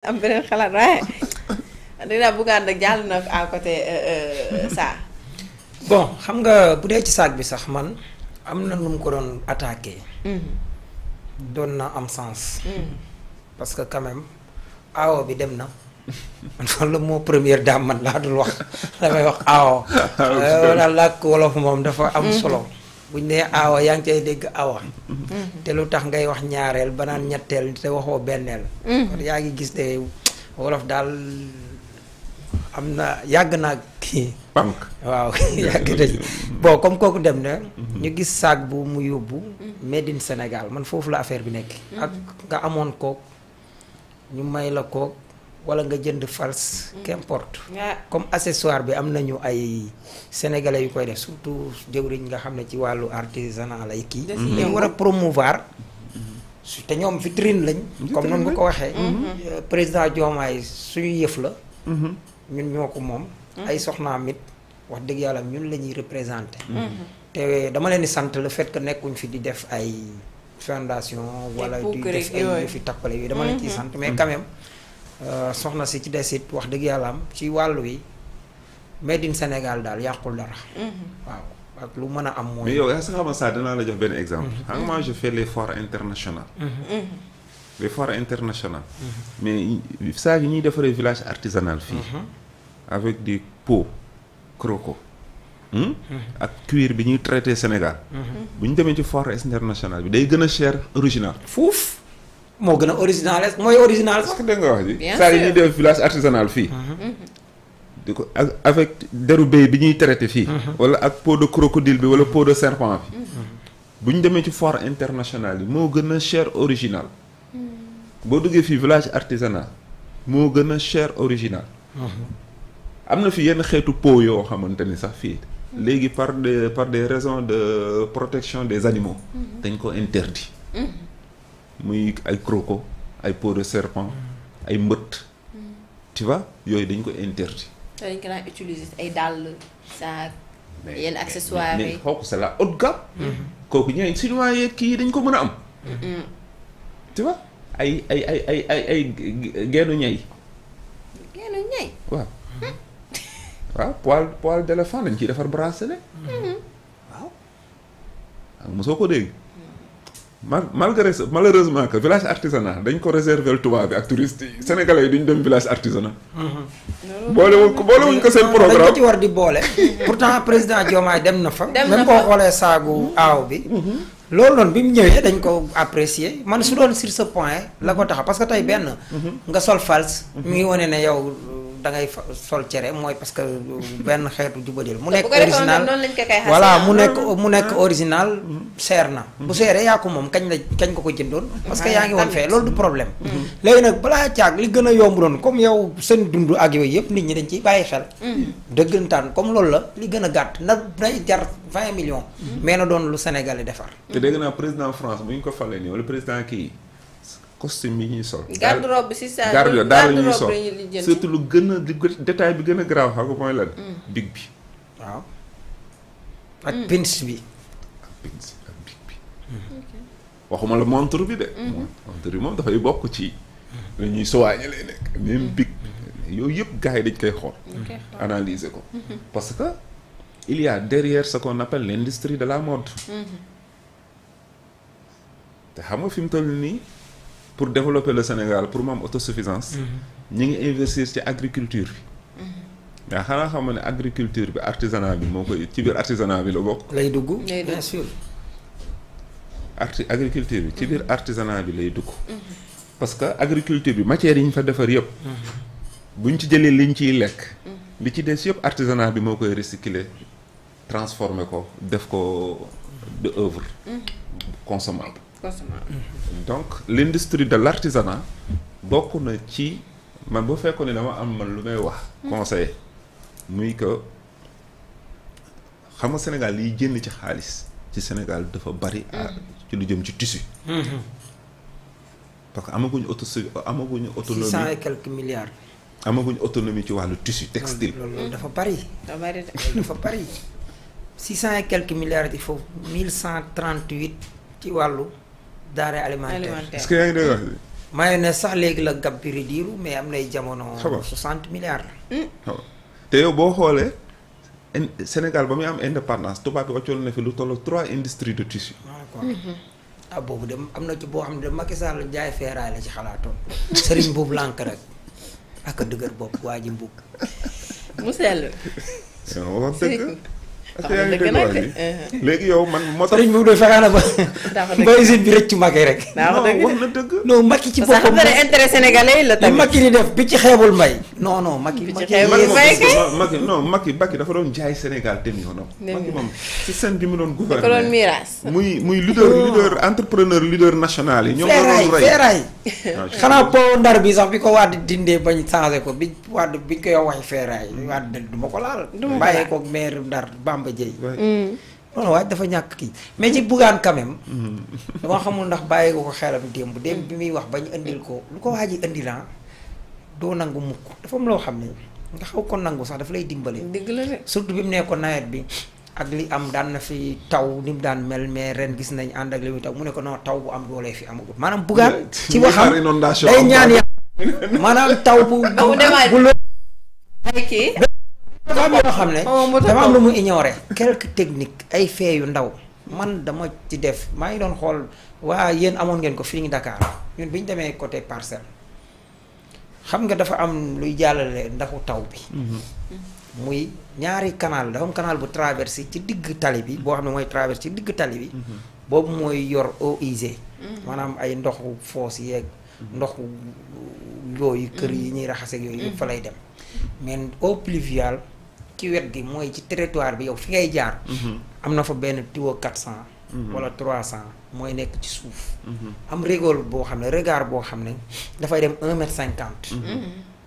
am beneen xalaat waaye dina buggaan nag jàll na à côté euh, euh, ça. bon xam nga bu dee ci saak bi sax man am na nu mu ko doon attaqué. Mm-hmm. doon na am sens. Mm-hmm. parce que quand même aawo bi dem na. man fan la moo première dame man laa dul wax damay wax aawo. Ah, euh, wala làkk wolof moom dafa am mm-hmm. solo. buñ nee aawa yaa ngi cay dégg awa mm-hmm. te lu tax ngay wax ñaareel ba naan ñetteel te waxoo benneel mm-hmm. kon yaa ngi gis ne wolof daal am na yàgg naa kii mm-hmm. comme kooku dem na ñu gis saag bu mu yóbbu made Sénégal man foofu la affaire bi nekk ak nga amoon kook ñu may la kook wala nga jënd fals mm. qu'importe comme accessoire bi am nañu ay sénégalais yu koy def surtout jëwriñ nga xam ne ci wàllu artisanat lay kii dañ war a promouvoir mm-hmm. te ñoom vitrine lañ comme noonu nga ko waxee mm-hmm. euh, président Diomaye suñu yëf la mm-hmm. ñun ñoo ko moom ay soxnaam it wax dëgg yàlla ñun la ñuy représenté te dama leen di sant le fait que nekkuñ fi di def ay fondation wala di def ay yëfi tappale yooyu dama leen ciy sant mais quand Euh, soxna si ci desit wax dëgg yàlla am ci wàllu wi made in Sénégal daal yàqul dara. Mm-hmm. waaw ak lu mën a am mooy. mais yow yaa sa xama saa dinaa la jox benn exemple. Mm-hmm. xam nga je fais les foires internationales. Mm-hmm. les foires internationales. mais saa yi ñuy defaree village artisanal fii. avec des pots croco. Hmm, ak cuir bi ñuy traité Sénégal. bu ñu demee ci foire internationale bi day gën a original. moo gën a original mooy original. sax dégg nga wax ji. bien sûr saa yi ñuy def village artisanal fii. Mm-hmm. di ko ak avec deru béy bi ñuy traité fii. Mm-hmm. wala ak peau de crocodile bi wala peau de serpent bi. Mm-hmm. bu ñu demee ci foire internationale yi moo gën a cher originale boo duggee fii village artisanal moo gën a cher original. am na fi yenn xeetu peau yoo xamante ni sax fii. léegi par de par des raisons de protection des animaux. dañ ko interdit. muy ay croco ay peau de serpent ay mbëtt mm. tu yooyu dañ ko interdit. dañ ko daan utiliser ay dal saak yenn accessoires yi mais kooku c'est la haute gamme. Mm-hmm. kooku ñooy chinois yeeg dañ ko mën a am. tu vois ay ay ay ay ay ay geenu ñay. waaw poil poil d'éléphant dañ ciy defar bracelet. Mm-hmm. waaw. musoo ko dégg. mal malgré ça malheureusement que village artisanal dañ ko réserver tubaab bi ak touristes yi sénégalais yi duñ dem village artisanal. Mm-hmm. boolewuñ ko boolewuñ ko seen programme dañ ko ci war di boole. pourtant président Diomaye dem na fa. dem na fa xoolee saagu mm-hmm. aaw bi. Mm-hmm. loolu noonu bi mu ñëwee dañ ko apprécier man su doon sur ce point la ko taxa parce que benn. nga sol fals mi ngi wane ne yow. dangay ngay sol cere mooy parce que benn xeetu jubadi mu nekk original ah. voilà mu nekk mu nekk original seer na bu seeree yaa ko moom kañ la kañ ko ko jëndoon ah, parce que yaa ngi wan fee loolu du problème mm-hmm. Mm-hmm. léegi nag balaa caag li gën a yomb doon comme yow seen dund ak yooyu yëpp nit ñi dañ ci bàyyi xel mm-hmm. dëggantaan comme loolu la li gën a gàtt na day jar vingt millions mais na doon lu Sénégal yi defar te dégg naa président France bu ñu ko falee nii wala président kii costume yi ñuy sol. garde robe bi si saa garde robe daal la ñuy lu gën a bi gën a garaaw xam nga mooy lan. big mm. big bi. Mm. Mm. waxuma la montre bi de. Mm-hmm. montre bi moom dafay bokk ci. la ñuy sowañalee nekk mm-hmm. même big. Mm-hmm. yooyu yëpp gars yi dañ koy xool. analyser ko. parce que il y a derrière ce qu'on appelle l'industrie de la mode. te xam nga fi mu toll nii. pour développer le Sénégal pour moom am autosuffisance. Mhm. ñi ngi investir ci agriculture bi. waa xanaa xam nga ne agriculture bi artisanat bi moo koy ci biir artisanat bi la bokk. lay dugg bien agriculture bi ci biir mhm. artisanat bi lay dugg. Mhm. parce que agriculture bi matière yi ñu fa defar yëpp. buñ ci jëlee li ñu ciy lekk. li ci des yëpp artisanat bi moo koy recycler transformer ko def ko de œuvre consommable. consommateur. donc l' industrie de l' artisanat bokk na ci man bu fekkoon ne dama am man lu may wax. conseil muy que xam nga Sénégal liy génn ci xaalis ci Sénégal dafa bari. Mm-hmm. ci lu jëm ci tissu. Mm-hmm. parce que amaguñu auto amaguñu autonomie six cent et quelques milliards. amaguñu ci wàllu tissu textile. loolu dafa bari. dafa bari six cent et quelques milliards il faut mille cent trente huit ci wàllu. denrée alimentaire est-ce que yaa ngi dégg sax léegi la gab bi ridiiru mais am nay jamono. soixante milliards la. Hmm. te yow boo xoolee. Sénégal ba muy am indépendance tubaab bi wàccoon na fi lu toll trois industries de tissu. ah, hmm. ah boobu de am na ci boo xam ne de Macky Sall jaay feeraay la ci xalaatoon sëriñ boobu lànk rek ak dëgër bopp waa ji mbugg mu sell. wax dëgg. est uh-huh. léegi yow man moo tax. sëriñ Maodo a na ba. ba usine bi rëccu Macky rek. daa wax na dëgg. non ci boppam. parce que intérêt sénégalais la tamit. li di def bi ci xeebul mbay. non non Macky. bi ci xeebul mbay kay Macky dafa doon jaay Sénégal dem yoonam. Macky moom ci seen bi doon gouverner. da ko doon miiras. muy muy leader oh. leader entrepreneur leader national yi. ñoom ah, xanaa po ndar bi sax bi ko Wade dindee bañ changé ko bi Wade bi ñu koy waxee feeraay Wade duma ko laal bàyyee ko Bamba Dieye. Mm. non waaye dafa ñàkk kii mais ci Bougane quand même. dama xamul ndax bàyyi ko xelam démb démb bi muy wax bañ indil ko lu ko waa ji indil ah doo nangu mukk dafa am loo xam ne nga xaw ko nangu sax dafa lay dimbale. dëgg la de surtout bi mu nee ko nawet bi ak li am daan na fi taw ni mu daan mel mais ren gis nañ ànd ak li muy taw mu ne ko non taw bu am doolee fi amagul maanaam Bougane. ci waxam day ñaan yàlla maanaam taw bu. bu bu dafa am xam ne oh, dafa am lu mu ignoré quelque technique ay fee yu ndaw man dama ci def maa ngi doon xool waa yéen amoon ngeen ko fii ngi Dakar ñun bi ñu demee côté parcelle xam nga dafa am luy jàllale ndaxu taw bi mm-hmm. muy ñaari canal dafa am canal bu traversé ci digg tali bi boo xam ne mooy traversé ci digg tali bi mm-hmm. boobu mooy yor eaux usées mm-hmm. maanaam ay ndoxu foos yeeg ndoxu yooyu kër yi ñuy raxaseek yooyu fa lay dem mais eau pluviale ci wet gi mooy ci teritoire bi yow fi ngay jaar mhm. am na fa benn tuyau quatre cent mhm. wala trois cent mooy nekk ci suuf mhm. am rigole boo xam ne regard boo xam ne dafay dem un mètre cinquante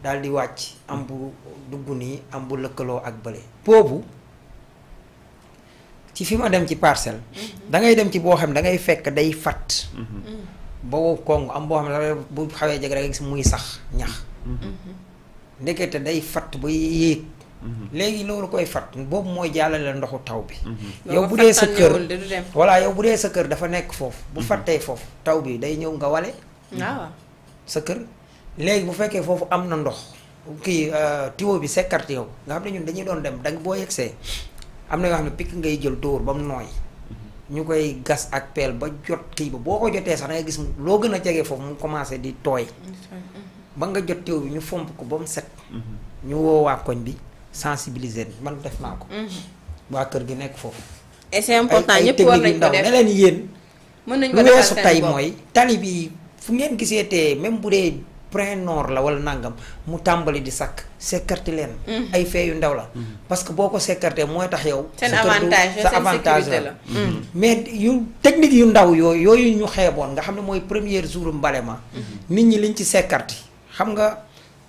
daal di wàcc am bu dugg nii am bu lëkkaloo ak bële boobu ci fi ma dem ci parcelle da ngay dem ci boo xam ne da ngay fekk day fat ba wow kong am boo xam ne bu xawee jeg rek muy sax ñax ndekete day fatt ba yéeg léegi loolu koy fat boobu mooy jàllale ndoxu taw bi mhm. yow bu dee sa kër voilà yow bu dee sa kër dafa nekk foofu bu mhm. fattee foofu taw bi day ñëw nga wale mhm. ah, waaw sa kër léegi bu fekkee foofu am na ndox kii euh, tuyau bi sekkart yow nga xam ne ñun dañuy doon dem danga boo yegsee am na yoo xam ne pikk ngay jël dóor ba mu nooy ñu koy gas ak peel ba jot kii ba boo ko jotee sax da ngay loo gën a jege foofu mu commencé di tooy nga jot tuyau bi ñu fomp ko ba mu set ñu woowaa koñ bi sensibiliser man def naa ko. Mhm. waa kër gi nekk foofu. et c'est important ñëpp war nañ ko def ne leen yéen. mën weesu tey mooy tali bi fu ngeen gisee te même bu dee point nord la wala nangam mu tàmbali di sakk sécurité leen. Mhm. ay fee yu ndaw la. Mhm. parce que boo ko sécurité mooy tax yow. seen avantage sa avantage la. mais yu technique yu ndaw yooyu yooyu ñu xeeboon nga xam ne mooy premier jour mbale ma. nit ñi liñ ci sécurité xam nga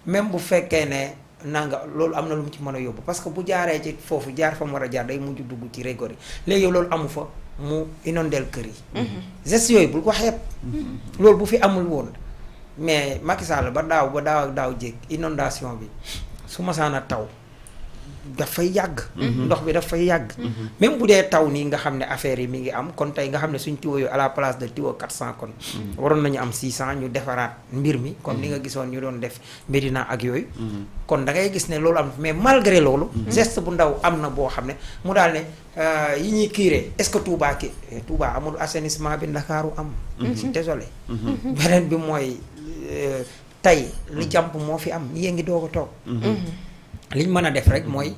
même bu fekkee ne. nanga loolu am na lu mu ci mën a yóbbu parce que bu jaaree ci foofu jaar fa mu war a jaar day mujj dugg ci régor léegi loolu amu fa mu inondeel kër yi. Mhm. gestes yooyu bul ko xeeb. Mhm. loolu bu fi amul woon mais Macky Sall ba daaw ba daaw daaw jéeg inondation bi su masaan a taw. dafay yàgg. Mhm. ndox bi dafay yàgg. Mhm. même bu dee taw nii nga xam ne affaire yi mi ngi am kon tey nga xam ne suñ tiwo yu à la place de tiwo 400 kon. Mhm. waroon nañu am 600 ñu defaraat mbir mi kon ni nga gisoon ñu doon def Medina ak yooyu. kon da ngay gis ne loolu am mais malgré loolu. geste bu ndaw am na boo xam ne mu daal ne euh, yi ñuy kiire est-ce que Touba ki eh, Touba amul assainissement bi Ndakaaru am. je suis désolé. beneen bi mooy euh, tey li jàmp moo fi am yéen ngi doog liñ mën a def rek mooy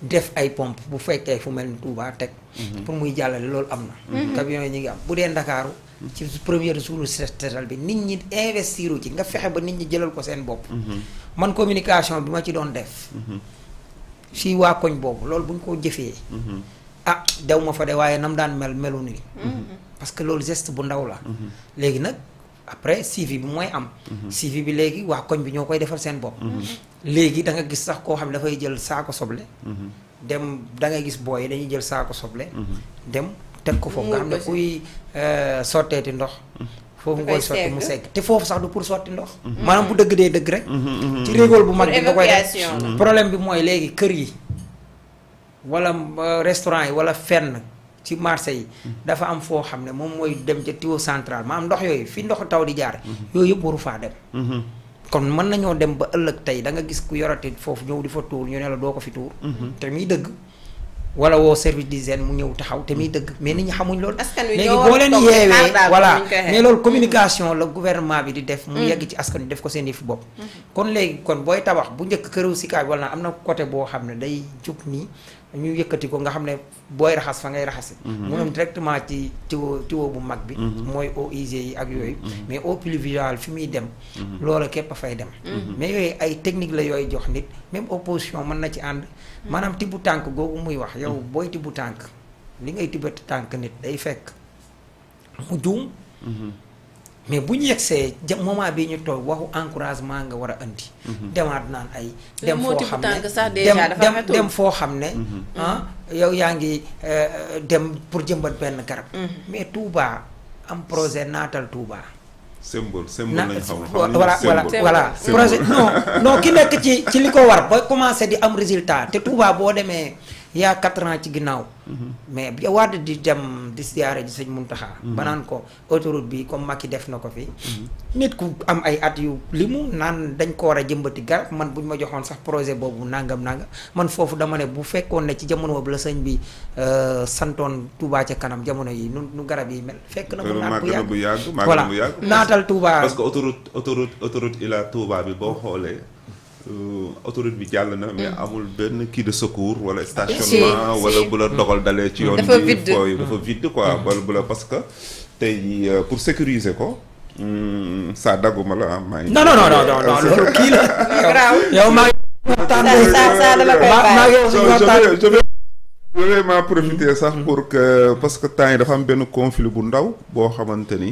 def ay pompe bu fekkee fu mel ni tuubaa teg mhm. pour muy jàllale loolu am na mhm. camion yi ñu ngi am bu dee Ndakaaru ci première jour setal bi nit ñi investiru ci nga fexe ba nit ñi jëlal ko seen bopp mhm. man communication bi ma ci doon def si waa koñ boobu loolu bu ñu ko jëfee ah dew ma fa de waaye nam daan mel melu nii parce que loolu gest bu ndaw la léegi nag après suivi bi mooy am suivi bi léegi waa koñ bi ñoo koy defal seen bopp léegi da nga gis sax koo xam ne dafay jël saako soble. Mhm. dem da ngay gis booy dañuy jël saako soble. Mhm. dem teg ko foofu nga xam ne kuy euh, sotteeti ndox. Mhm. foofu nga koy sotti mu segg te foofu sax du pour sotti ndox. maanaam bu dëgg dee dëgg rek. ci réegol bu mag bi nga koy def problème bi mooy léegi kër yi wala euh, restaurant yi wala fenn. ci marché yi dafa am foo xam ne moom mooy dem ca tuyau central maanaam ndox yooyu fi ndox taw di jaar. yooyu yëpp waru faa dem. kon mën nañoo dem ba ëllëg tey da nga gis ku yorati foofu ñëw di fa tuur ñu ne la doo ko fi tuur. Mhm. te muy dëgg. wala woo service d'hygiène mu ñëw taxaw te muy mhm. dëgg mais nit ñi xamuñ lool askan wi léegi boo leen yeewee voilà mais communication mhm. la gouvernement bi di def. mu yegg ci askan wi def ko seen yëfi bopp. kon léegi kon booy tabax bu njëkk këru sikaay wala am na côté boo xam ne day jug nii. ñu yëkkati ko nga xam ne booy raxas fa ngay raxasi mhm. mu dem directement ci tiwo tiwo bu mag bi mhm. mooy eaux usées yi ak yooyu mhm. mais eau pluviale fi muy dem loola képp a fay dem mais yooyu ay technique la yooyu jox nit même opposition mën na ci ànd maanaam tibbu tànk googu muy wax yow booy tibbu tànk li ngay tibbati tànk nit day fekk mu juum mais bu ñu yegsee ja moment bi ñu toog waxu encouragement nga war a andi. Mhm. demaat naan ay. dem foo xam ne dem foo xam ne. ah yow yaa ngi euh, dem pour jëmbat benn garab. Mhm. mais Touba am projet naatal Touba. symbole symbole lañ xam voilà voilà projet non nekk ci li ko war ba commencé di am résultat te Touba boo demee. yaa y a quatre ans ci ginnaaw. Mhm. mais bi Wade di dem di siyaare ji sëñ Muntaxa. Mhm. ba naan ko autoroute bi comme mag Macky def na ko fi. Mhm. nit ku am ay at yu li mu naan dañ ko war a jëmbati garab man bu ñu ma joxoon sax projet boobu nangam nangam man foofu dama ne bu fekkoon ne ci jamono boobu la sëñ bi euh, santoon Touba ca kanam jamono yi nu nu garab yi mel. fekk na mu naat bu yàgg bu yàgg voilà naatal Touba. parce que autoroute autoroute autoroute ila Touba bi boo xoolee. Euh, autoroute bi jàll na. mais mm. amul benn kii de secours wala stationnement wala bu la dogal dalee ci yoon bi fooy dafa mm. vide quoi mm. wala bu la parce que tey jii euh, pour sécuriser ko saa dagguma la ah maa ngi non non non non euh, loolu kii la garaaw yow maa ngi vraiment profiter sax pour que parce que temps yi dafa am benn conflit bu ndaw boo xamante ni